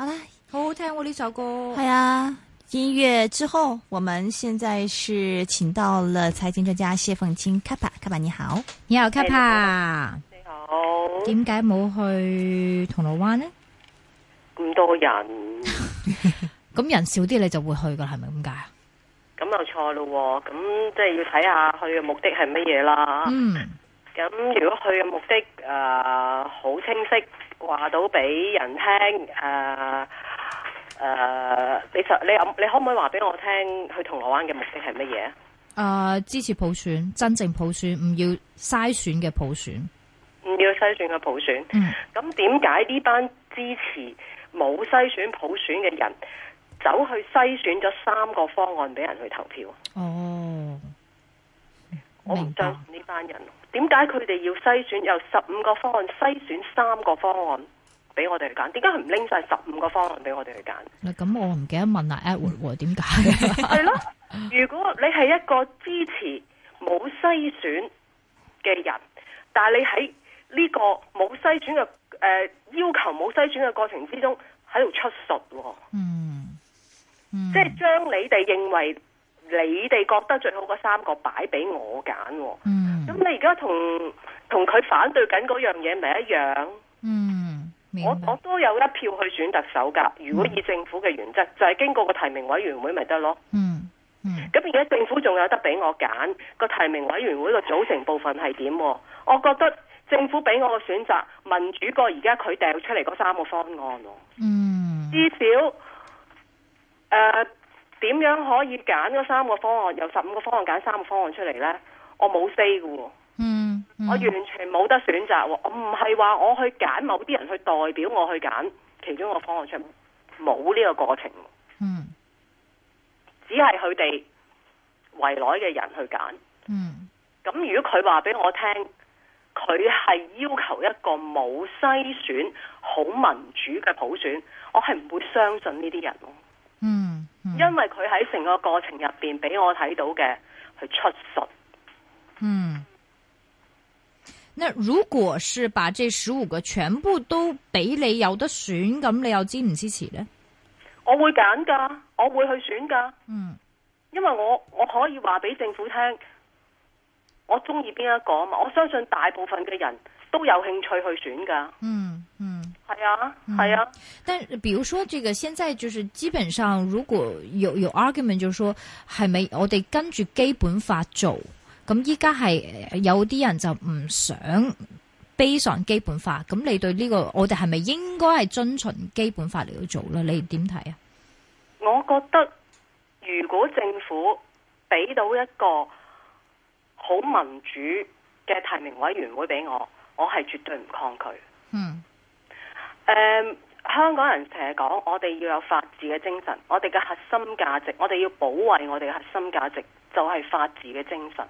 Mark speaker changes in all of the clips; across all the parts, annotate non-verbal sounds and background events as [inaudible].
Speaker 1: 好啦，好好聽喎呢首歌。係啊，音樂之後，我們現在是請到了財經專家謝鳳卿。Kappa，Kappa 你好，你好 Kappa，你好。點解冇去銅鑼灣呢？
Speaker 2: 咁多人，
Speaker 1: 咁 [laughs] [laughs] [laughs] 人少啲你就會去噶，係咪咁解啊？
Speaker 2: 咁又錯咯，咁即係要睇下佢嘅目的係乜嘢啦。
Speaker 3: 嗯，
Speaker 2: 咁如果佢嘅目的誒好、uh, 清晰。話到俾人聽，誒、呃、誒、呃，你就你你可唔可以話俾我聽，去銅鑼灣嘅目的係乜嘢
Speaker 1: 啊？誒、呃，支持普選，真正普選，唔要篩選嘅普選，
Speaker 2: 唔要篩選嘅普選。嗯。咁點解呢班支持冇篩選普選嘅人，走去篩選咗三個方案俾人去投票？
Speaker 3: 哦，我唔相信
Speaker 2: 呢班人。點解佢哋要篩選有十五個方案，篩選三個方案俾我哋去揀？點解佢唔拎晒十五個方案俾我哋去揀？
Speaker 1: 咁、嗯、我唔記得問阿 Edward 點
Speaker 2: 解？係咯？ [laughs] 如果你係一個支持冇篩選嘅人，但係你喺呢個冇篩選嘅誒、呃、要求冇篩選嘅過程之中喺度出術、哦嗯，嗯即係將你哋認為你哋覺得最好嘅三個擺俾我揀、哦。嗯你而家同同佢反對緊嗰樣嘢咪一樣？嗯，我我都有得票去選特首㗎。如果以政府嘅原則，就係、是、經過個提名委員會咪得咯。嗯嗯。咁而家政府仲有得俾我揀個提名委員會個組成部分係點？我覺得政府俾我嘅選擇，民主過而家佢掟出嚟嗰三個方案。嗯。至少，誒、呃、點樣可以揀嗰三個方案？有十五個方案揀三個方案出嚟呢。我冇 say 㗎喎，嗯，嗯，
Speaker 3: 我完
Speaker 2: 全冇得選擇喎，我唔係話我去揀某啲人去代表我去揀其中一個方案出，冇呢個過程，嗯，只係佢哋圍內嘅人去揀，嗯，咁如果佢話俾我聽，佢係要求一個冇篩選、好民主嘅普選，我係唔會相信呢啲人咯，嗯，嗯，因為佢喺成個過程入邊俾我睇到嘅，佢出術。
Speaker 1: 那如果是把這十五個全部都俾你有得選，咁你又支唔支持呢？
Speaker 2: 我會揀噶，我會去選噶。嗯，因為我我可以話俾政府聽，我中意邊一個啊嘛。我相信大部分嘅人都有興趣去選噶、嗯。嗯、啊、嗯，
Speaker 1: 係啊係啊、嗯。但比如說，這個現在就是基本上，如果有有 argument，就說係咪我哋跟住基本法做？咁依家係有啲人就唔想悲上基本法，咁你對呢個我哋係咪應該係遵循基本法嚟去做咧？你點睇啊？
Speaker 2: 我覺得如果政府俾到一個好民主嘅提名委員會俾我，我係絕對唔抗拒。
Speaker 3: 嗯。誒，uh,
Speaker 2: 香港人成日講我哋要有法治嘅精神，我哋嘅核心價值，我哋要保衛我哋嘅核心價值，就係法治嘅精神。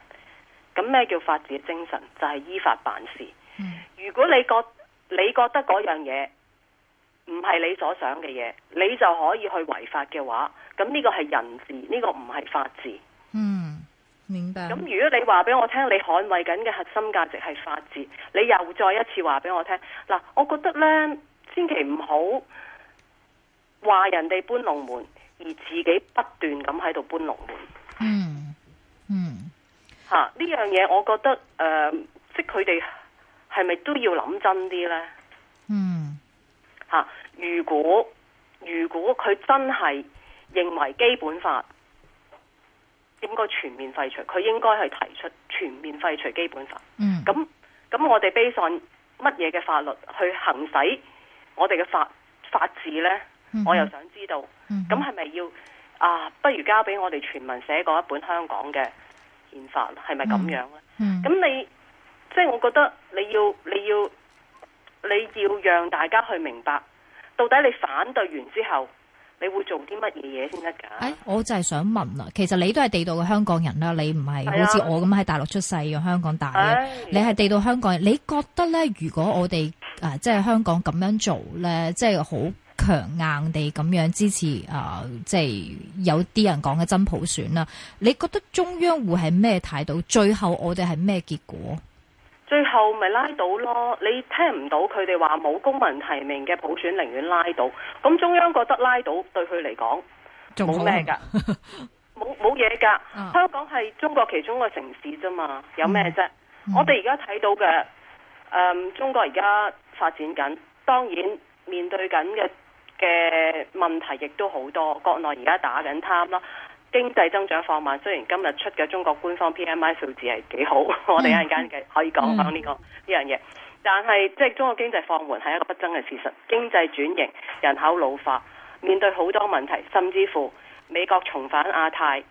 Speaker 2: 咁咩叫法治精神？就係、係、依法辦事。
Speaker 3: 嗯、
Speaker 2: 如果你覺你覺得嗰樣嘢唔係你所想嘅嘢，你就可以去違法嘅話，咁呢個係人治，呢、呢個唔係法治。
Speaker 3: 嗯，明白。咁
Speaker 2: 如果你話俾我聽，你捍衛緊嘅核心價值係法治，你又再一次話俾我聽，嗱，我覺得咧，千祈唔好話人哋搬龍門，而自己不斷咁喺度搬龍門。吓呢樣嘢，啊、我覺得誒、呃，即係佢哋係咪都要諗真啲呢？嗯，吓、啊、如果如果佢真係認為基本法應該全面廢除，佢應該係提出全面廢除基本法。嗯，咁咁我哋悲 a 乜嘢嘅法律去行使我哋嘅法法治呢？嗯、我又想知道，咁係咪要啊？不如交俾我哋全民寫嗰一本香港嘅，憲法咯，係咪咁樣咧？咁、嗯嗯、你即係、就是、我覺得你要你要你要讓大家去明白，到底你反對完之後你會做啲乜嘢嘢先得噶？誒、哎，
Speaker 1: 我就係想問啦，其實你都係地道嘅香港人啦，你唔係、啊、好似我咁喺大陸出世，嘅香港大嘅，啊、你係地道香港人。你覺得咧，如果我哋誒、呃、即係香港咁樣做咧，即係好？強硬地咁樣支持誒、呃，即係有啲人講嘅真普選啦。你覺得中央會係咩態度？最後我哋係咩結果？
Speaker 2: 最後咪拉倒咯。你聽唔到佢哋話冇公民提名嘅普選，寧願拉倒。咁中央覺得拉倒對佢嚟講
Speaker 3: 仲好咩噶，冇
Speaker 2: 冇嘢噶。香港係中國其中一個城市啫嘛，有咩啫？嗯嗯、我哋而家睇到嘅誒、嗯，中國而家發展緊，當然面對緊嘅。嘅問題亦都好多，國內而家打緊貪啦，經濟增長放慢。雖然今日出嘅中國官方 PMI 數字係幾好，嗯、 [laughs] 我哋一陣間嘅可以講講呢個呢樣嘢。但係即係中國經濟放緩係一個不爭嘅事實，經濟轉型、人口老化，面對好多問題，甚至乎美國重返亞太，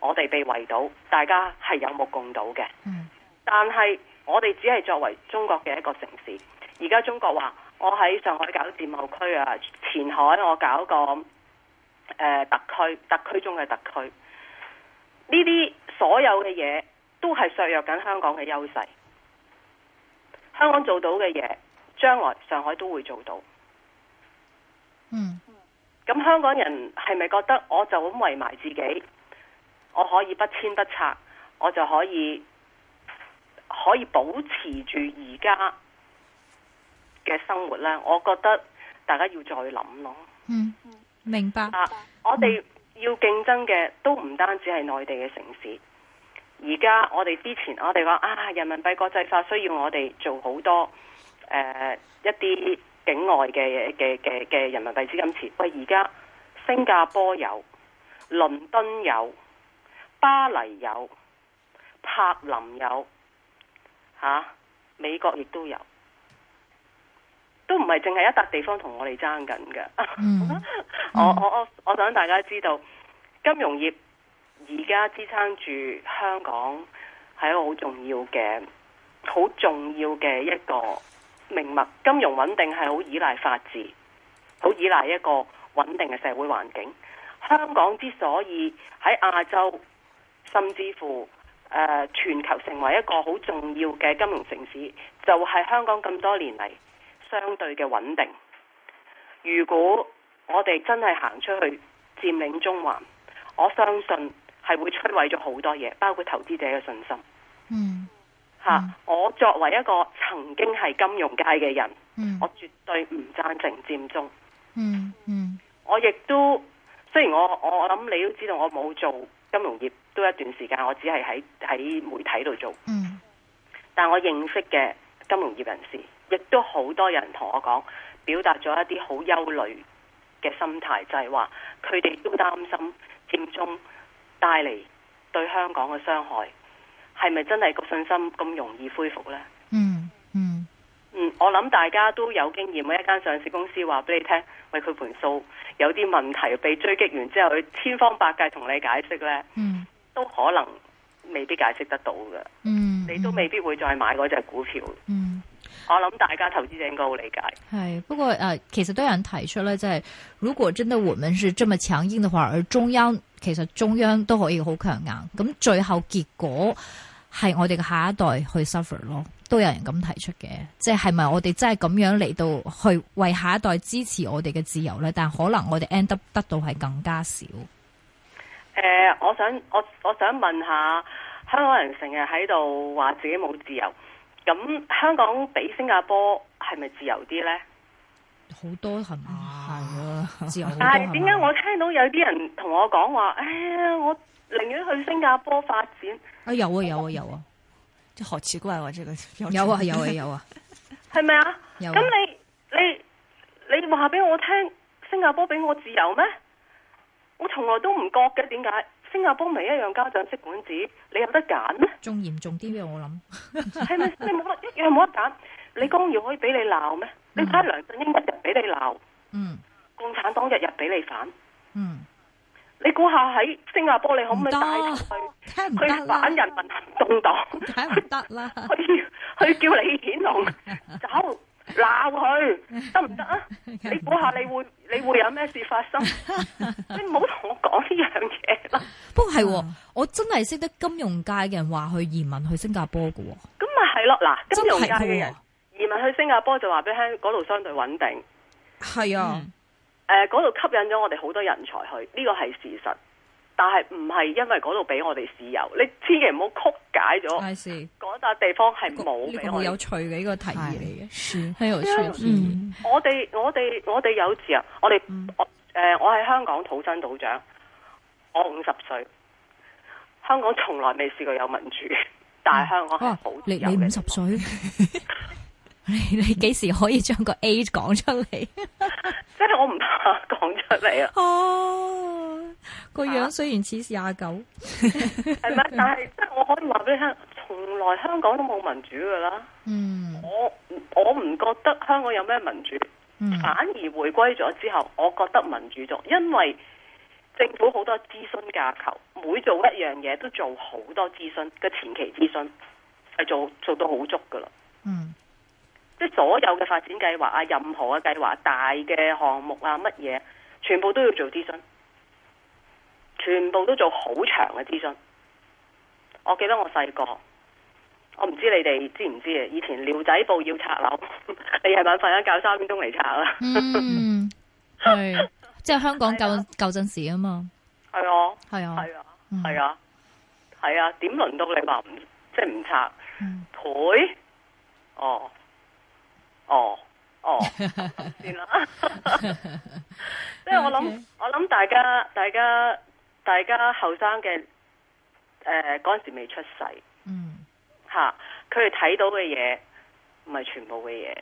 Speaker 2: 我哋被圍堵，大家係有目共睹嘅。嗯、但係我哋只係作為中國嘅一個城市，而家中國話。我喺上海搞自貿區啊，前海我搞個呃特區，特區中嘅特區，呢啲所有嘅嘢都係削弱緊香港嘅優勢。香港做到嘅嘢，將來上海都會做到。嗯。咁香港人係咪覺得我就咁圍埋自己，我可以不遷不拆，我就可以可以保持住而家嘅生活咧，我覺得大家要再諗咯。嗯，
Speaker 1: 明
Speaker 2: 白啊！我哋要競爭嘅都唔單止係內地嘅城市。而家我哋之前我哋話啊，人民幣國際化需要我哋做好多誒、呃、一啲境外嘅嘅嘅嘅人民幣資金池。喂，而家新加坡有，倫敦有，巴黎有，柏林有，吓、啊、美國亦都有。都唔係淨係一笪地方同我哋爭緊嘅 [laughs] 。
Speaker 3: 我我我
Speaker 2: 我想大家知道，金融業而家支撐住香港係一個好重要嘅、好重要嘅一個命脈。金融穩定係好依賴法治，好依賴一個穩定嘅社會環境。香港之所以喺亞洲，甚至乎誒、呃、全球成為一個好重要嘅金融城市，就係、是、香港咁多年嚟。相對嘅穩定。如果我哋真係行出去佔領中環，我相信係會摧毀咗好多嘢，包括投資者嘅信心。嗯，
Speaker 3: 吓，嗯
Speaker 2: 啊，我作為一個曾經係金融界嘅人，嗯，我絕對唔贊成佔中。
Speaker 3: 嗯
Speaker 2: 嗯，嗯我亦都雖然我我諗你都知道，我冇做金融業都一段時間，我只係喺喺媒體度做。嗯，但我認識嘅金融業人士。亦都好多人同我講，表達咗一啲好憂慮嘅心態，就係話佢哋都擔心佔中帶嚟對香港嘅傷害，係咪真係個信心咁容易恢復呢？嗯嗯，嗯，我諗大家都有經驗，每一間上市公司話俾你聽，喂，佢盤數有啲問題，被追擊完之後，佢千方百計同你解釋呢，嗯，都可能未必解釋得到嘅，嗯嗯，你都未必會再買嗰隻股票，嗯。我諗大家投資者應該好
Speaker 1: 理解。係，不過誒、呃，其實都有人提出咧，即係如果真的我們是這麼強硬的話，而中央其實中央都可以好強硬，咁最後結果係我哋嘅下一代去 suffer 咯，都有人咁提出嘅，即係係咪我哋真係咁樣嚟到去為下一代支持我哋嘅自由呢？但可能我哋 end up 得到係更加少。
Speaker 2: 誒、呃，我想我我想問下香港人成日喺度話自己冇自由。咁香港比新加坡係咪自由啲呢？
Speaker 1: 好多係嘛，係啊，自由，但係點解
Speaker 2: 我聽到有啲人同我講話哎呀，我寧願去新加坡發展。
Speaker 1: 啊有啊有啊有啊，即好奇怪喎！這有啊有啊有啊，
Speaker 2: 係咪啊？有啊。咁、啊啊、你你你話俾我聽，新加坡俾我自由咩？我從來都唔覺嘅，點解？新加坡咪一樣家長式管子，你有得揀？
Speaker 1: 仲嚴重啲嘅，我諗，
Speaker 2: 係 [laughs] 咪你冇得一樣冇得揀？李光耀可以俾你鬧咩？嗯、你睇，梁振英一日俾你鬧，
Speaker 3: 嗯，
Speaker 2: 共產黨日日俾你反，嗯，你估下喺新加坡你可唔可以帶佢去，去反人民行動黨？睇唔得啦， [laughs] 去去叫李顯龍走。鬧佢得唔得啊？你估下你會你會有咩事發生？ [laughs] 你唔好同我講呢樣
Speaker 1: 嘢啦。 [laughs] 不過係，我真係識得金融界嘅人話去移民去新加坡嘅。
Speaker 2: 咁咪係咯，嗱，金融界嘅人移民去新加坡就話俾你聽嗰度相對穩定。
Speaker 1: 係啊，誒、嗯，
Speaker 2: 嗰度吸引咗我哋好多人才去，呢個係事實。但係唔係因為嗰度俾我哋自由，你千祈唔好曲解咗。嗰笪地方係冇俾我哋有
Speaker 1: 趣嘅一個提議嚟嘅，係有趣。
Speaker 2: 我哋我哋我哋有自由啊！我哋我誒，我係香港土生土長，我五十歲。香港從來未試過有民主，但係香港係保有自由。你
Speaker 1: 五十歲？你幾 [laughs] [laughs] [laughs] 時可以將個 A 講出嚟？
Speaker 2: [laughs] 即係我唔怕講出嚟
Speaker 1: 啊！個樣雖然似 [laughs] 是阿九，
Speaker 2: 係咪？但係即係我可以話俾你聽，從來香港都冇民主噶啦。嗯，我我唔覺得香港有咩民主，嗯、反而回歸咗之後，我覺得民主咗，因為政府好多諮詢架構，每做一樣嘢都做好多諮詢嘅前期諮詢係做做到好足噶啦。嗯，即係所有嘅發展計劃啊，任何嘅計劃、大嘅項目啊，乜嘢，全部都要做諮詢。全部都做好長嘅諮詢。我記得我細個，我唔知你哋知唔知啊？以前撩仔布要拆樓， [laughs] 你夜晚瞓一覺，三點鐘嚟拆啦。
Speaker 1: 係， [laughs] 即係香港舊舊陣時啊嘛。
Speaker 2: 係啊，係啊，係啊，係啊，係啊，點輪到你話唔即係唔拆？退、就是？哦、嗯，哦，哦、oh, oh, oh, [laughs] 走，先 [laughs] 啦。即係 [laughs] Okay. 我諗，我諗大家，大家。大家後生嘅、呃、誒嗰陣時未出世，嗯，嚇佢哋睇到嘅嘢唔係全部嘅嘢，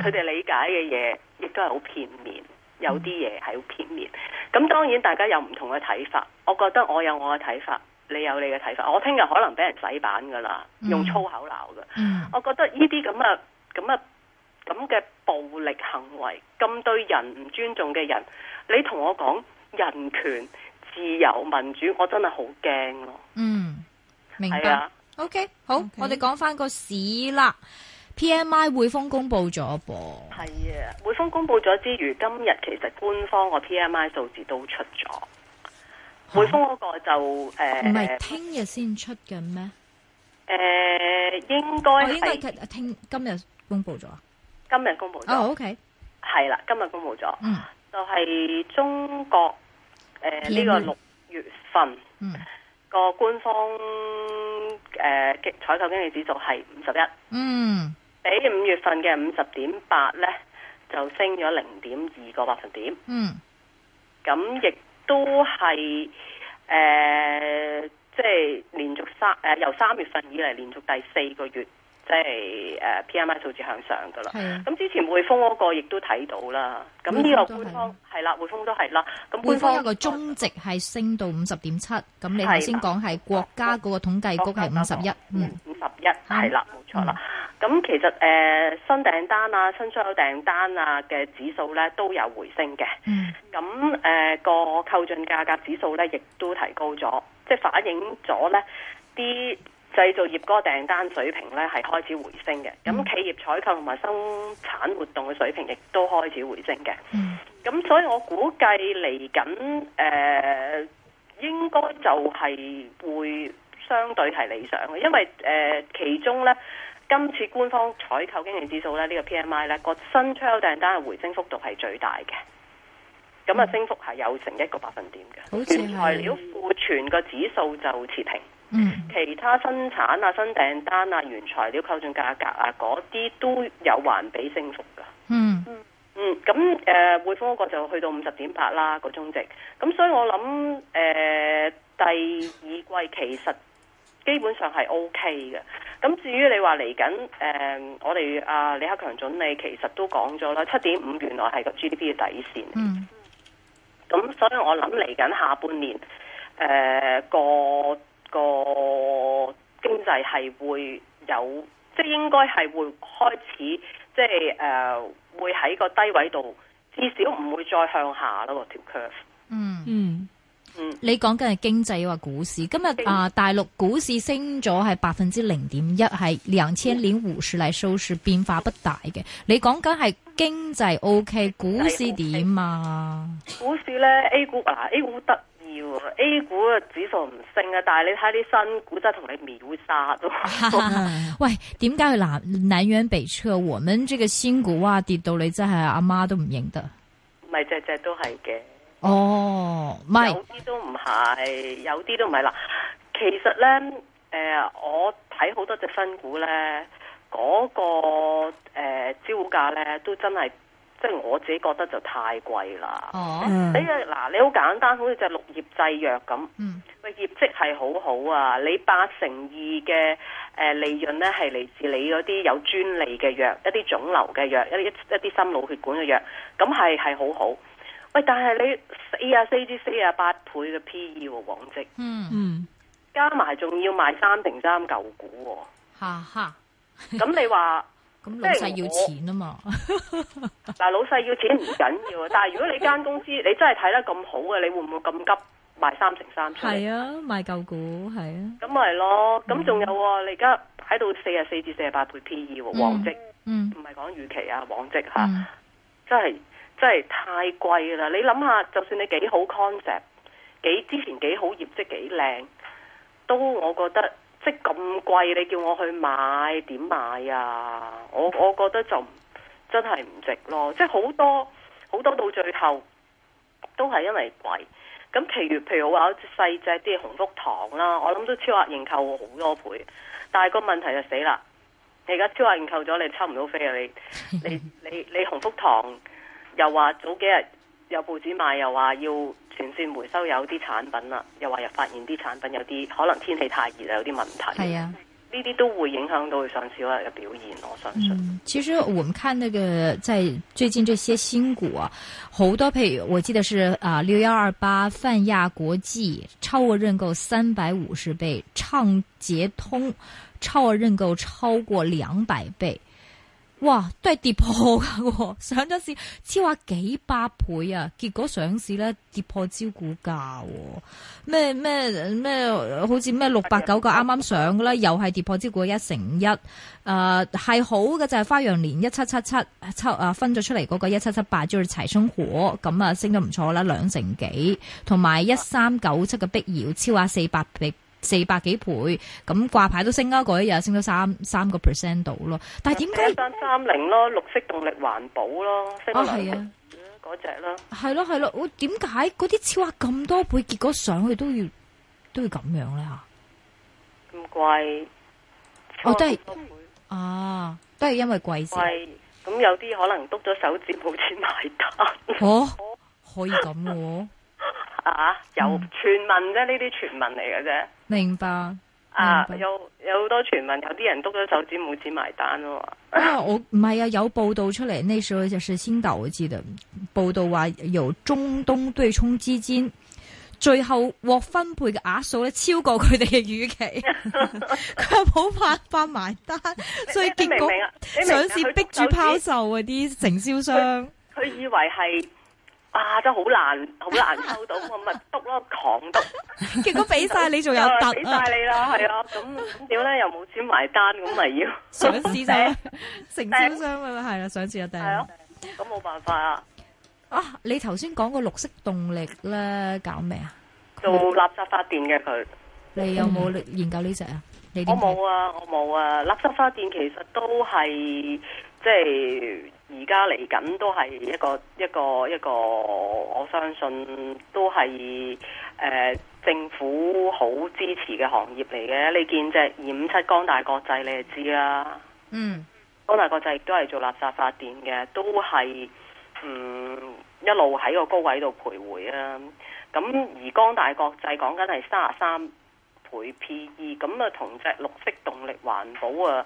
Speaker 3: 佢哋、嗯、
Speaker 2: 理解嘅嘢亦都係好片面，嗯、有啲嘢係好片面。咁當然大家有唔同嘅睇法，我覺得我有我嘅睇法，你有你嘅睇法。我聽日可能俾人洗版㗎喇，用粗口鬧㗎。嗯、我覺得呢啲咁啊咁啊咁嘅暴力行為，咁對人唔尊重嘅人，你同我講人權。自由民主，我真係好驚
Speaker 1: 咯。嗯，明白。啊、OK，好，Okay. 我哋講翻個市啦。P M I 匯豐公布咗噃。
Speaker 2: 係啊，匯豐公布咗之餘，今日其實官方個 P M I 數字都出咗。匯豐嗰個就誒，唔係
Speaker 1: 聽日先出嘅咩？
Speaker 2: 誒、呃，應該、哦、應該
Speaker 1: 聽今日公布咗、哦
Speaker 2: okay 啊。今日公布咗。O K，係啦，今日公布咗。嗯，就係中國。誒，呢、呃這個六月份個、嗯、官方誒採購經理指數係五
Speaker 3: 十
Speaker 2: 一，嗯，比五月份嘅五十點八咧就升咗零點二個百分點，嗯，咁亦都係誒即係連續三誒、呃、由三月份以嚟連續第四個月。即係誒 PMI 數字向上噶啦，咁之前匯豐嗰個亦都睇到啦。咁呢個匯豐係啦，匯豐都係啦。咁匯豐嗰個
Speaker 1: 中值係升到五十點七，咁你頭先講係國家嗰個統計局係五十一，嗯，五
Speaker 2: 十一，係啦，冇錯啦。咁其實誒新訂單啊、新出口訂單啊嘅指數咧都有回升嘅。嗯。咁誒個購進價格指數咧亦都提高咗，即係反映咗咧啲。製造業嗰個訂單水平咧係開始回升嘅，咁企業採購同埋生產活動嘅水平亦都開始回升嘅。咁、嗯、所以我估計嚟緊誒應該就係會相對係理想嘅，因為誒、呃、其中咧今次官方採購經理指數咧呢、呢個 P M I 咧個新出口訂單嘅回升幅度係最大嘅，咁啊、嗯、升幅係有成一個百分點嘅。好，原材料庫存個指數就持平。嗯，mm. 其他生產啊、新訂單啊、原材料購進價格啊，嗰啲都有環比升幅噶。嗯嗯、
Speaker 3: mm.
Speaker 2: 嗯，咁誒、呃、匯豐嗰個就去到五十點八啦個中值。咁所以我諗誒、呃、第二季其實基本上係 O K 嘅。咁至於你話嚟緊誒，我哋阿、呃、李克強總理其實都講咗啦，七點五原來係個 G D P 嘅底線。
Speaker 3: 嗯，
Speaker 2: 咁所以我諗嚟緊下半年誒、呃、個。個經濟係會有，即係應該係會開始，即係誒、呃，會喺個低位度，至少唔會再向下咯。個條 curve，嗯嗯嗯。
Speaker 1: 嗯，你講緊係經濟話股市，今日啊，大陸股市升咗係百分之零點一，係兩千年胡數嚟數字變化不大嘅。你講緊係經濟 OK，股市點啊？
Speaker 2: 股市咧 A 股啊，A 股得。要 A 股嘅指數唔升啊，但係你睇啲新股真係同你秒殺都。 [laughs]
Speaker 1: 喂，點解佢南南轅北轍？我們這個新股哇，啊，跌到你真係阿媽都唔認得。
Speaker 2: 唔係，只只都係嘅。
Speaker 1: 哦，唔係。
Speaker 2: 有啲都唔係，有啲都唔係。嗱，其實咧，誒、呃，我睇好多隻新股咧，嗰，那個誒、呃、招股價咧，都真係，即係我自己覺得就太貴，oh, um. 啦。
Speaker 3: 哦，你啊，嗱，你好
Speaker 2: 簡單，好似只業製藥咁，喂、嗯，業績係好好啊！你八成二嘅，誒利潤咧係嚟自你嗰啲有專利嘅藥，一啲腫瘤嘅藥，一啲一啲心腦血管嘅藥，咁係係好好。喂，但係你四啊四至四啊八倍嘅 PE 喎，即係，嗯嗯，加埋仲要賣三零三舊股、啊，吓吓哈哈，咁 [laughs] 你話？咁老細要錢啊嘛， [laughs] 嗱，老細要錢唔緊要，啊。 [laughs] 但係如果你間公司你真係睇得咁好嘅，你會唔會咁急賣三成三？係啊，
Speaker 1: 賣舊股係啊，
Speaker 2: 咁咪咯，咁仲、嗯、有、啊、你而家喺度四十四至四十八倍 P/E 喎，往績，嗯，唔係講預期啊，往績吓、啊嗯，真係真係太貴啦！你諗下，就算你幾好 concept，幾之前幾好業績幾靚，都我覺得。即咁貴，你叫我去買點買啊？我我覺得就真係唔值咯。即係好多好多到最後都係因為貴。咁其餘譬如話細隻啲鴻福堂啦，我諗都超額認購好多倍。但係個問題就死啦！你而家超額認購咗，你抽唔到飛啊！你你
Speaker 3: 你
Speaker 2: 你，你鴻福堂又話早幾日。有報紙賣又話要全線回收有啲產品啦，又話又發現啲產品有啲可能天氣太熱啊，有啲問題。係啊，呢啲都會影響到佢上星期一嘅表現，我相信、
Speaker 1: 嗯。其實我們看那個在最近這些新股啊，好多譬如，我記得是啊六幺二八泛亞國際超額認購三百五十倍，暢捷通超額認購超過兩百倍。哇，都係跌破噶、哦，上咗市超下幾百倍啊，結果上市咧跌破招股價、哦，咩咩咩，好似咩六百九個啱啱上噶啦，又係跌破招股一成一，誒係好嘅就係、是、花樣年一七七七七啊分咗出嚟嗰個一七七八叫做柴春火，咁啊升得唔錯啦，兩成幾，同埋一三九七嘅碧瑤超下四百四百幾倍，咁掛牌都升啦，嗰一日升咗三三個 percent 到咯。但係點解？
Speaker 2: 三三零咯，30，綠色動力環保咯，啊係啊，嗰隻咯。
Speaker 1: 係咯係咯，我點解嗰啲超下咁多倍，結果上去都要都要咁樣咧吓？
Speaker 2: 咁貴，我、哦、都係、
Speaker 1: 嗯、啊，都係因為貴先。
Speaker 2: 咁有啲可能篤咗手指，冇錢埋單。哦，可以咁喎。啊，有傳聞啫，呢啲傳聞嚟嘅啫。
Speaker 1: 明白，明白啊！
Speaker 2: 有有好多傳聞，有啲人督咗手指冇錢埋單
Speaker 1: 咯。 [laughs] 啊，我唔係啊，有報道出嚟，呢時候就是先導知道，報道話由中東對沖基金最後獲分配嘅額數咧超過佢哋嘅預期，佢又冇辦法埋
Speaker 2: 單 [laughs] 所以結果上市逼住拋售
Speaker 1: 嗰啲承銷商，
Speaker 2: 佢它以為係。啊，真係好難，好難抽到，我咪督咯，狂督！結果俾晒你，仲有得俾曬你咯，係啊！咁咁點咧？又冇錢埋單，咁咪要上市啫，
Speaker 1: 承銷商咁咪？係啊！上市下！定
Speaker 2: 係啊？咁冇辦法啊！
Speaker 1: 啊！你頭先講個綠色動力咧，搞咩啊？
Speaker 2: 做垃圾發電嘅佢，你有冇
Speaker 1: 研究呢隻啊？你我冇啊，
Speaker 2: 我冇啊！垃圾發電其實都係即係。而家嚟緊都係一個一個一個，我相信都係誒、呃、政府好支持嘅行業嚟嘅。你見隻二五七光大國際，你就知啦。嗯，光大國際都係做垃圾發電嘅，都係嗯一路喺個高位度徘徊啊。咁而光大國際講緊係三十三倍 PE，咁啊同隻綠色動力環保啊。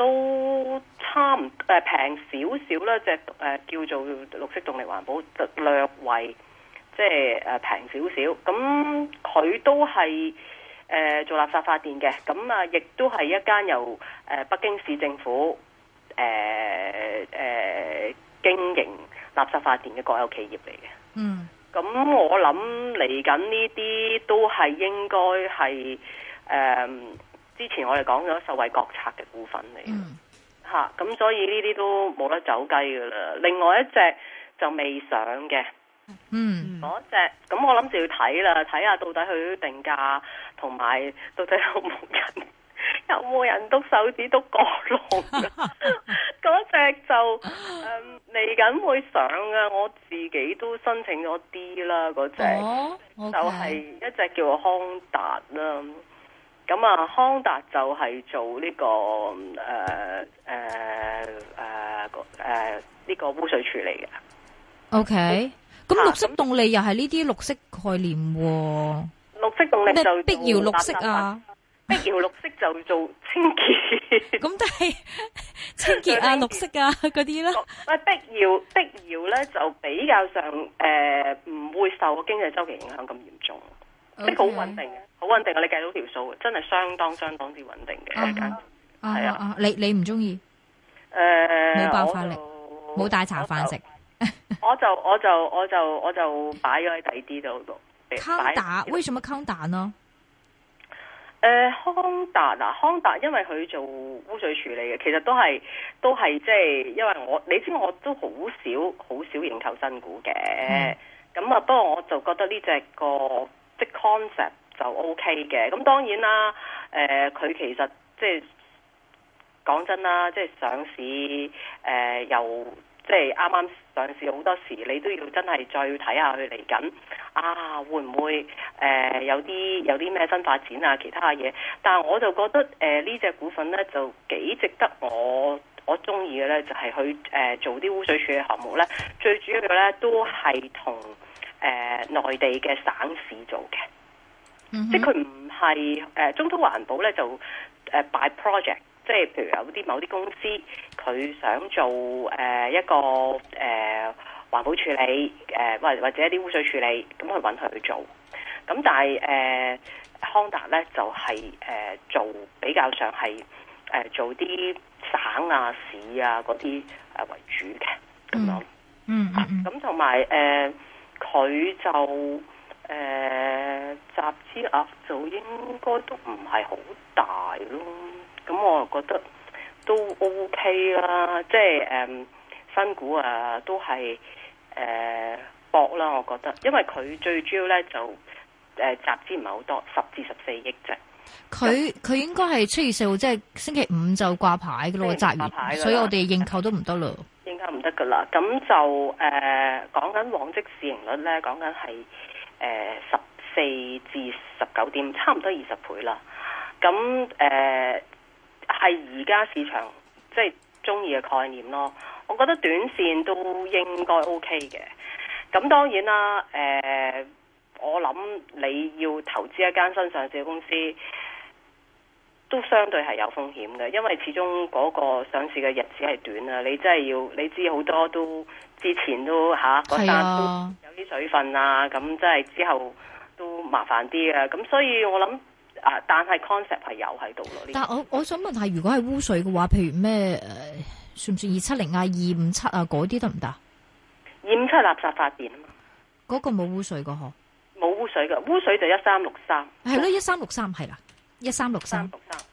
Speaker 2: 都差唔誒平少少啦，即係、呃、叫做綠色動力環保，略為即係誒平少少。咁、呃、佢、嗯、都係誒、呃、做垃圾發電嘅，咁啊亦都係一間由誒、呃、北京市政府誒誒、呃呃、經營垃圾發電嘅國有企業嚟嘅。
Speaker 3: 嗯，
Speaker 2: 咁、嗯、我諗嚟緊呢啲都係應該係誒。呃之前我哋講咗受惠國策嘅股份嚟，嚇咁、mm. 啊、所以呢啲都冇得走雞噶啦。另外一隻就未上嘅，嗯，嗰隻咁我諗住要睇啦，睇下到底佢定價同埋到底有冇人有冇人篤手指篤過籠㗎？嗰隻就嚟緊會上㗎！我自己都申請咗啲啦，嗰隻、oh, okay.
Speaker 3: 就係
Speaker 2: 一隻叫康達啦。咁啊，康達就係做呢、呢個誒誒誒誒呢個污水處理嘅。
Speaker 1: O K，咁綠色動力又係呢啲綠色概念、啊。
Speaker 2: 綠色動力就碧瑤綠色啊，碧瑤綠色就做清潔，咁但係清潔啊，綠色啊嗰啲啦。喂，碧瑤碧瑤咧就比較上誒唔、呃、會受經濟周期影響咁嚴重。即係好穩定嘅，好穩定嘅，你計到條數真係相當相當之穩定嘅一間。係
Speaker 1: 啊，你你唔中意？
Speaker 2: 誒、呃，冇辦法冇大茶飯食。我就我就我就我就擺咗喺第二啲度度。康達，down, 為什麼康達呢？誒，康達嗱，康達因為佢做污水處理嘅，其實都係都係即係因為我你知我都好少好少認購新股嘅。咁啊、嗯，不過我就覺得呢隻個。識 concept 就 OK 嘅，咁當然啦。誒、呃，佢其實即係講真啦，即係上市誒、呃，由即係啱啱上市好多時，你都要真係再睇下佢嚟緊啊，會唔會誒、呃、有啲有啲咩新發展啊，其他嘢？但係我就覺得誒呢隻股份呢，就幾值得我我中意嘅呢，就係、是、去誒、呃、做啲污水處理項目呢。最主要嘅呢都係同。誒、呃、內地嘅省市做嘅、mm hmm. 呃呃，即係佢唔係誒中通環保咧，就誒 by project，即係譬如有啲某啲公司佢想做誒、呃、一個誒、呃、環保處理誒、呃，或或者一啲污水處理，咁去揾佢去做。咁但係誒、呃、康達咧就係、是、誒、呃、做比較上係誒、呃、做啲省啊市啊嗰啲誒為主嘅
Speaker 3: 咁樣，嗯咁
Speaker 2: 同埋誒。Hmm. 啊啊啊佢就誒集資額就應該都唔係好大咯，咁我覺得都 OK 啦，即係誒新股啊都係誒搏啦，我覺得，因為佢最主要咧就誒集資唔係好多，十至十四億啫。
Speaker 1: 佢佢應該係七月四號，即係星期五就掛牌嘅咯，十月，所以我哋認購都唔得咯。
Speaker 2: 而家唔得噶啦，咁就誒、呃、講緊往績市盈率咧，講緊係誒十四至十九點，差唔多二十倍啦。咁誒係而家市場即係鍾意嘅概念咯。我覺得短線都應該 OK 嘅。咁當然啦，誒、呃、我諗你要投資一間新上市公司，都相對係有風險嘅，因為始終嗰個上市嘅日子係短啦。你真係要你知好多都之前都吓，嗰單有啲水分啊，咁真係之後都麻煩啲啊。咁所以我諗啊，但係 concept 係有喺度咯。但
Speaker 1: 我我想問下，如果係污水嘅話，譬如咩誒算唔算二七零啊、二五七啊嗰啲得唔得？
Speaker 2: 二五七垃圾發電啊嘛，
Speaker 1: 嗰個冇污水噶呵，
Speaker 2: 冇污水噶，污水就一三六三
Speaker 1: 係咯，一三六三係啦。一三六三，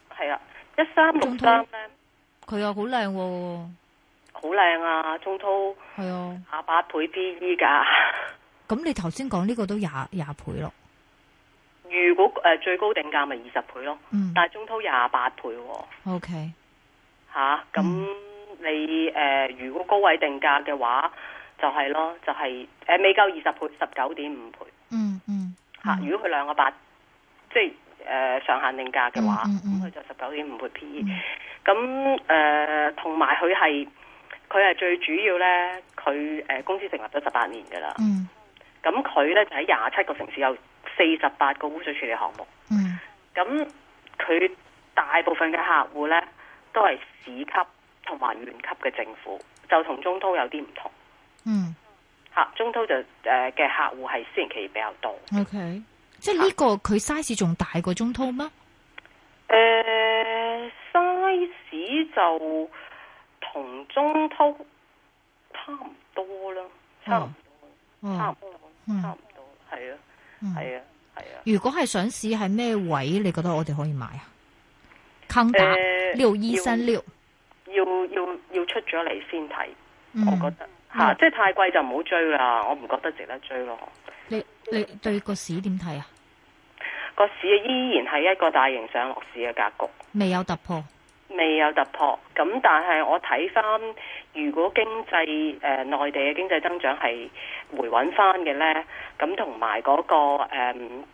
Speaker 2: 係啦一
Speaker 1: 三六三，一三六三咧，佢又好靚喎，
Speaker 2: 好靚啊，啊！中滔係啊，廿八倍 D E 噶，
Speaker 1: 咁你頭先講呢個都廿廿倍咯。
Speaker 2: 如果誒、呃、最高定價咪二十倍咯，嗯、但係中滔廿八倍。O K，吓咁你誒、呃、如果高位定價嘅話就係、是、咯，就係誒未夠二十倍，十九點五倍。嗯嗯，吓、嗯嗯啊、如果佢兩個八，即係。誒、呃、上限定價嘅話，咁佢、嗯嗯、就十九點五倍 P/E、嗯。咁誒同埋佢係佢係最主要呢，佢誒、呃、公司成立咗十八年㗎喇。咁佢、嗯、呢，就喺廿七個城市有四十八個污水處理項目。咁佢、嗯、大部分嘅客戶呢，都係市級同埋縣級嘅政府，就同中通有啲唔同。嗯，嚇中通就誒嘅、呃、客戶係私營企業比較多。嗯、O.K. 即係、這、呢
Speaker 1: 個佢、啊、size 仲大過中通嗎
Speaker 2: ？s、呃、i z e 就同中通差唔多啦，差唔多，哦哦、差唔多，嗯、差唔多，係啊，係、嗯、啊，係
Speaker 1: 啊。如果係想試係咩位，你覺得我哋可以買啊？坑打六二生六，
Speaker 2: 要要要出咗嚟先睇。嗯、我覺得吓、嗯啊，即係太貴就唔好追啦，我唔覺得值得追咯。
Speaker 1: 你你對個市點睇啊？
Speaker 2: 個市依然係一個大型上落市嘅格局，
Speaker 1: 未有突破，
Speaker 2: 未有突破。咁但係我睇翻，如果經濟誒內地嘅經濟增長係回穩翻嘅呢，咁同埋嗰個誒、嗯、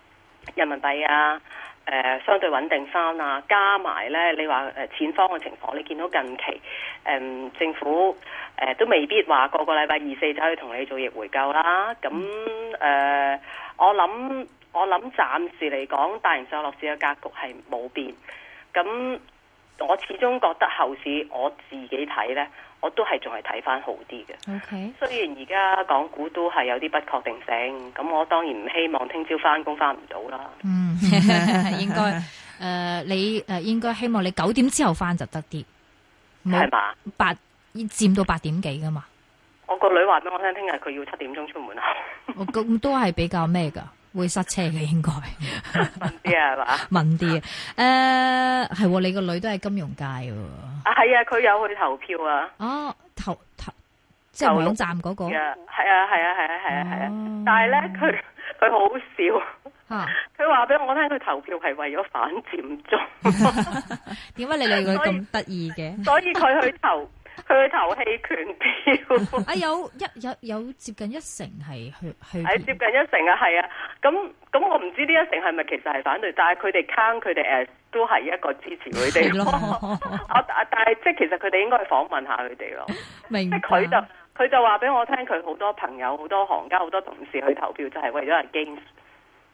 Speaker 2: 人民幣啊。誒、呃、相對穩定翻啦，加埋咧，你話誒前方嘅情況，你見到近期誒、呃、政府誒、呃、都未必話個個禮拜二四就可以同你做逆回購啦。咁、嗯、誒、呃，我諗我諗暫時嚟講，大型上落市嘅格局係冇變。咁、嗯、我始終覺得後市我自己睇咧。我都係仲係睇翻好啲嘅，Okay. 雖然而家港股都係有啲不確定性，咁我當然唔希望聽朝翻工翻唔到啦。嗯， [laughs] 應該
Speaker 1: 誒、 [laughs] 呃、你誒應該希望你九點之後翻就得啲，係八吧佔到八點幾㗎嘛？
Speaker 2: 我個女話俾我聽，聽日佢要七點鐘出門口，
Speaker 1: 咁 [laughs] 都係比較咩㗎？會塞車嘅應該，
Speaker 2: [laughs] 問啲啊嘛， [laughs] 問啲，誒、
Speaker 1: 呃，係喎、哦，你個女都係金融界
Speaker 2: 嘅，啊，係啊，佢有去投票啊，
Speaker 1: 哦、啊，投投，即係網站嗰、那個，
Speaker 2: 係 [music] 啊，係啊，係啊，係啊，係啊、哦，但係咧，佢佢好笑，
Speaker 1: 吓
Speaker 2: [laughs] 佢話俾我聽，佢投票係為咗反占中，
Speaker 1: 點 [laughs] 解 [laughs] 你兩個咁
Speaker 2: 得意嘅？所以佢去投。 [laughs] 去投棄權票，啊有一有有接近一成係去去，係係、哎、接近一成啊，係啊，咁、嗯、咁我唔知呢一成係咪其實係反對，但係佢哋撐佢哋誒，都係一個支持佢哋咯。啊但係即係其實佢哋應該去訪問下佢哋咯。明、啊，即係佢就佢就話俾我聽，佢好多朋友、好多行家、好多同事去投票，就係為咗人驚。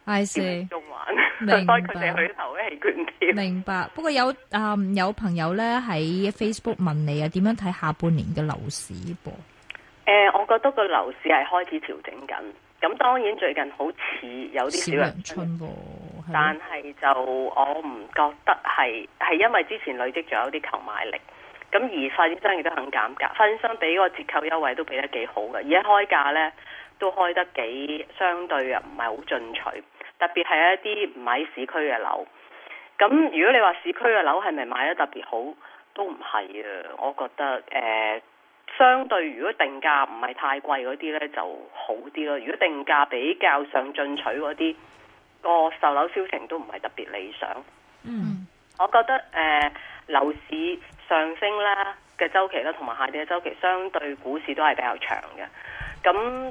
Speaker 2: 係，所以佢哋去投咧係斷
Speaker 1: 點。明白，不過有誒、呃、有朋友咧喺 Facebook 問你啊，點樣睇下半年嘅樓市噃？
Speaker 2: 誒、呃，我覺得個樓市係開始調整緊，咁當然最近好似有啲小陽春，但係就我唔覺得係係因為之前累積咗有啲購買力，咁而發展商亦都肯減價，發展商俾個折扣優惠都俾得幾好嘅，而家開價咧。都開得幾相對啊，唔係好進取。特別係一啲唔喺市區嘅樓。咁如果你話市區嘅樓係咪買得特別好，都唔係啊。我覺得誒、呃，相對如果定價唔係太貴嗰啲呢就好啲咯。如果定價比較上進取嗰啲，個售樓銷情都唔係特別理想。嗯，嗯，我覺得誒、呃、樓市上升啦嘅周期啦，同埋下跌嘅周期，相對股市都係比較長嘅。咁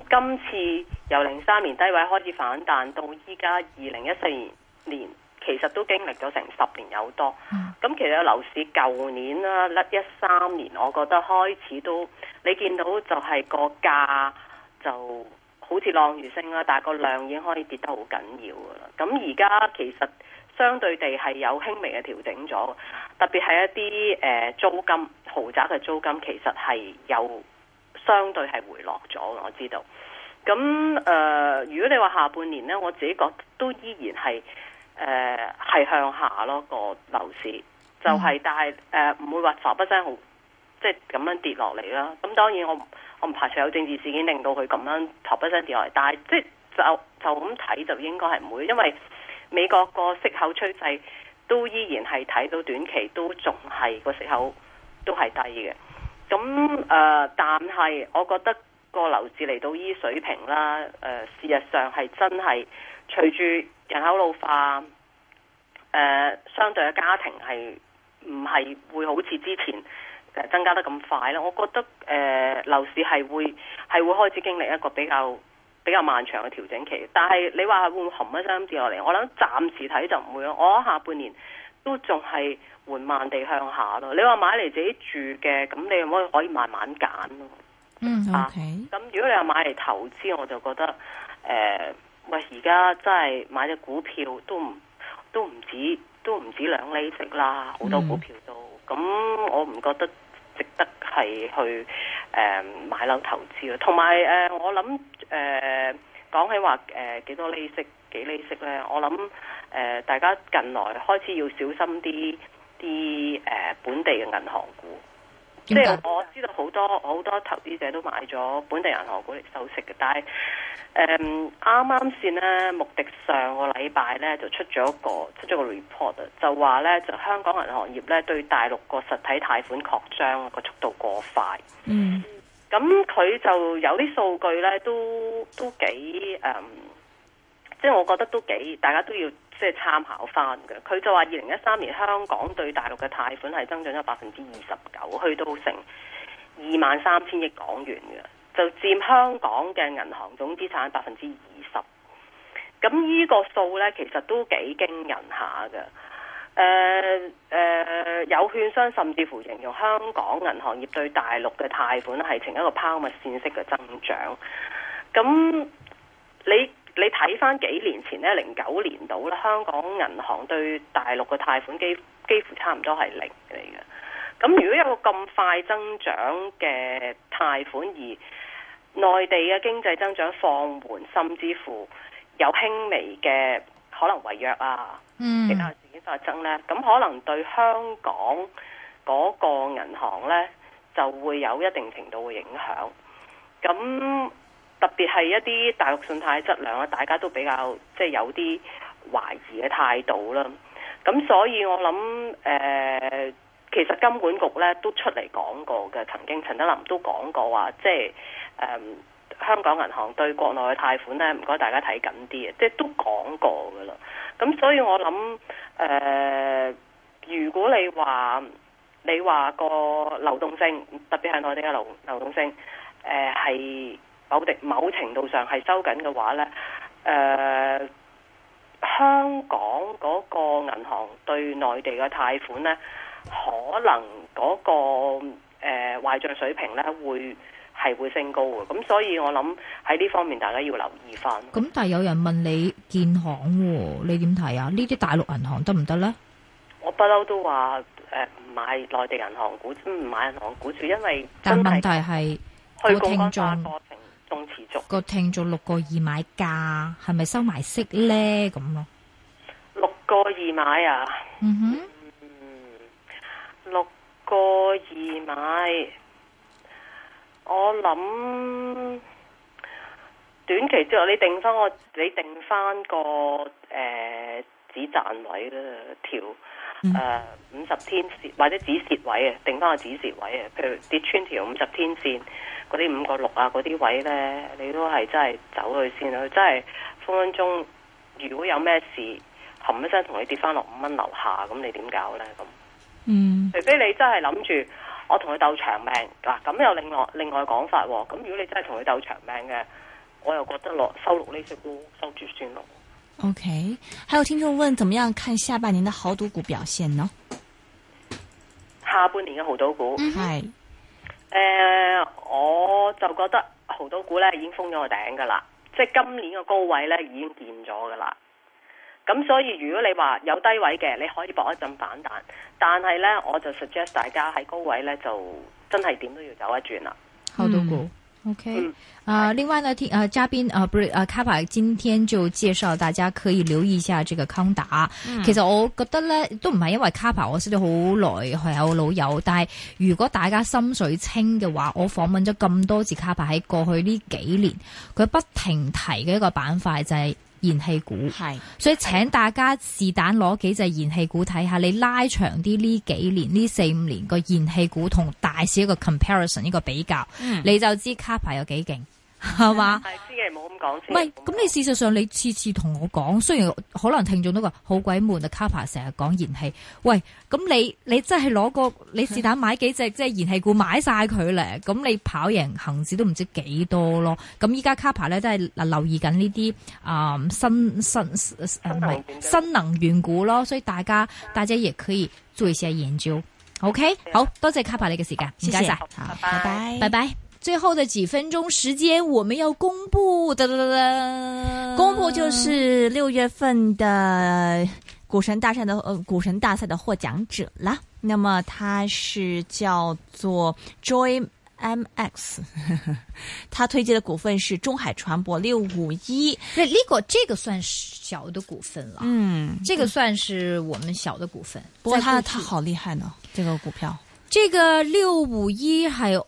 Speaker 2: 今次由零三年低位開始反彈，到依家二零一四年其實都經歷咗成十年有多。咁、嗯、其實樓市舊年啦，甩一三年，年我覺得開始都你見到就係個價就好似浪如升啦，但係個量已經開始跌得好緊要噶啦。咁而家其實相對地係有輕微嘅調整咗，特別係一啲誒租金豪宅嘅租金，租金其實係有。相對係回落咗，我知道。咁誒、呃，如果你話下半年呢，我自己覺得都依然係誒係向下咯、個樓市，就係、是，嗯、但係誒唔會話刷不聲好，即係咁樣跌落嚟啦。咁當然我我唔排除有政治事件令到佢咁樣刷不聲跌落嚟，但係即係就是、就咁睇就，就應該係唔會，因為美國個息口趨勢都依然係睇到短期都仲係個息口都係低嘅。咁誒、呃，但係我覺得個樓市嚟到依水平啦，誒、呃、事實上係真係隨住人口老化，誒、呃、相對嘅家庭係唔係會好似之前誒增加得咁快咧？我覺得誒、呃、樓市係會係會開始經歷一個比較比較漫長嘅調整期，但係你話會唔會冚一聲跌落嚟？我諗暫時睇就唔會咯。我下半年都仲係。緩慢地向下咯。你話買嚟自己住嘅，咁你可可以慢慢揀咯。
Speaker 3: 嗯咁、mm, okay.
Speaker 2: 啊、如果你話買嚟投資，我就覺得，誒、呃，喂，而家真係買隻股票都唔都唔止都唔止兩釐息啦，好多股票都咁，mm. 我唔覺得值得係去誒、呃、買樓投資咯。同埋誒，我諗誒、呃、講起話誒幾多釐息幾釐息咧，我諗誒、呃、大家近來開始要小心啲。啲誒本地嘅銀行股，白即係我知道好多，好多投資者都買咗本地銀行股嚟收息嘅。但係誒啱啱先咧，穆迪、嗯、上個禮拜咧就出咗個出咗個 report，就話咧就香港銀行業咧對大陸個實體貸款擴張個速度過快。
Speaker 3: 嗯，
Speaker 2: 咁佢、嗯、就有啲數據咧，都都幾誒、嗯，即係我覺得都幾大家都要。即係參考翻嘅，佢就話二零一三年香港對大陸嘅貸款係增長咗百分之二十九，去到成二萬三千億港元嘅，就佔香港嘅銀行總資產百分之二十。咁呢個數呢，其實都幾驚人下嘅。誒、呃、誒、呃，有券商甚至乎形容香港銀行業對大陸嘅貸款係呈一個拋物線式嘅增長。咁你，你睇翻幾年前咧，零九年度咧，香港銀行對大陸嘅貸款幾幾乎差唔多係零嚟嘅。咁如果有個咁快增長嘅貸款，而內地嘅經濟增長放緩，甚至乎有輕微嘅可能違約啊，
Speaker 3: 嗯、其他事
Speaker 2: 件發生呢。咁可能對香港嗰個銀行呢，就會有一定程度嘅影響。咁特別係一啲大陸信貸嘅質量咧，大家都比較即係、就是、有啲懷疑嘅態度啦。咁所以我諗，誒、呃、其實金管局咧都出嚟講過嘅，曾經陳德林都講過話，即係誒香港銀行對國內嘅貸款咧，唔該大家睇緊啲嘅，即係都講過噶啦。咁所以我諗，誒、呃、如果你話你話個流動性，特別係內地嘅流流動性，誒、呃、係。否某程度上係收緊嘅話呢，誒、呃、香港嗰個銀行對內地嘅貸款呢，可能嗰、那個誒、呃、壞賬水平呢會係會升高嘅。咁所以我諗喺呢方面大家要留意返。
Speaker 1: 咁但係有人問你建行喎，你點睇啊？呢啲大陸銀行得唔得呢？
Speaker 2: 我、呃、不嬲都話誒，唔買內地銀行股，唔買銀行股主，因為真係。但問題係去個聽
Speaker 1: 動持續個聽咗六個二買價係咪收埋息呢？咁咯？六
Speaker 2: 個二買啊！
Speaker 1: 哼、mm
Speaker 2: hmm. 嗯，六個二買，我諗短期之後你定翻我，你定翻個誒止、呃、賺位咧條誒五十天線或者止蝕位啊，定翻個止蝕位啊，譬如跌穿條五十天線。嗰啲五個六啊，嗰啲位呢，你都係真係走去先啦，真係分分鐘，如果有咩事，冚一聲同你跌翻落五蚊樓下，咁你點搞呢？咁，嗯，
Speaker 3: 除非
Speaker 2: 你真係諗住我同佢鬥長命嗱，咁、啊、又另外另外講法喎、哦。咁如果你真係同佢鬥長命嘅，我又覺得落收六呢隻股收住先咯。
Speaker 1: OK，還有聽眾問，怎麼樣看下半年的豪賭股表現呢？
Speaker 2: 下半年嘅豪賭股係。嗯誒、呃，我就覺得好多股咧已經封咗個頂噶啦，即係今年嘅高位咧已經見咗噶啦。咁所以如果你話有低位嘅，你可以搏一陣反彈，但係咧我就 suggest 大家喺高位咧就真係點都要走一轉啦。好多股。
Speaker 1: O K，啊，另外呢，聽啊嘉賓啊，啊，卡帕今天就介紹，大家可以留意一下這個康達。嗯、其實我覺得咧，都唔係因為卡帕我，我識咗好耐，係有老友。但係如果大家心水清嘅話，我訪問咗咁多次卡帕喺過去呢幾年，佢不停提嘅一個板塊就係、是。燃氣股，是所以請大家是但攞幾隻燃氣股睇下，你拉長啲呢幾年呢四五年個燃氣股同大小一個 comparison，一個比較，嗯、你就知卡牌有幾勁。係嘛？係先嘅，冇咁
Speaker 3: 講先。唔係，
Speaker 1: 咁你事實上你次次同我講，雖然可能聽眾都話好鬼悶啊，卡帕成日講燃氣。喂，咁你你真係攞個，你是但買幾隻即係燃氣股買晒佢咧，咁你跑贏恒指都唔知幾多咯。咁依家卡帕咧真係嗱，留意緊呢啲啊新新唔係新能源股咯，所以大家大家亦可以試下研究。OK，好多謝卡帕你嘅時間，唔該晒，謝謝拜
Speaker 3: 拜，拜拜。拜
Speaker 1: 拜最後的幾分鐘時間，我們要公布的，公布就是六月份的股神大賽的呃股神大賽的獲獎者啦。那麼他是叫做 Joy MX， [laughs] 他推薦的股份是中海船舶六五一。那 LIGO 這個算是小的股份了。
Speaker 3: 嗯，這個
Speaker 1: 算是我們小的股份。嗯、不過他他好厲害呢，這個股票，這個六五一還有。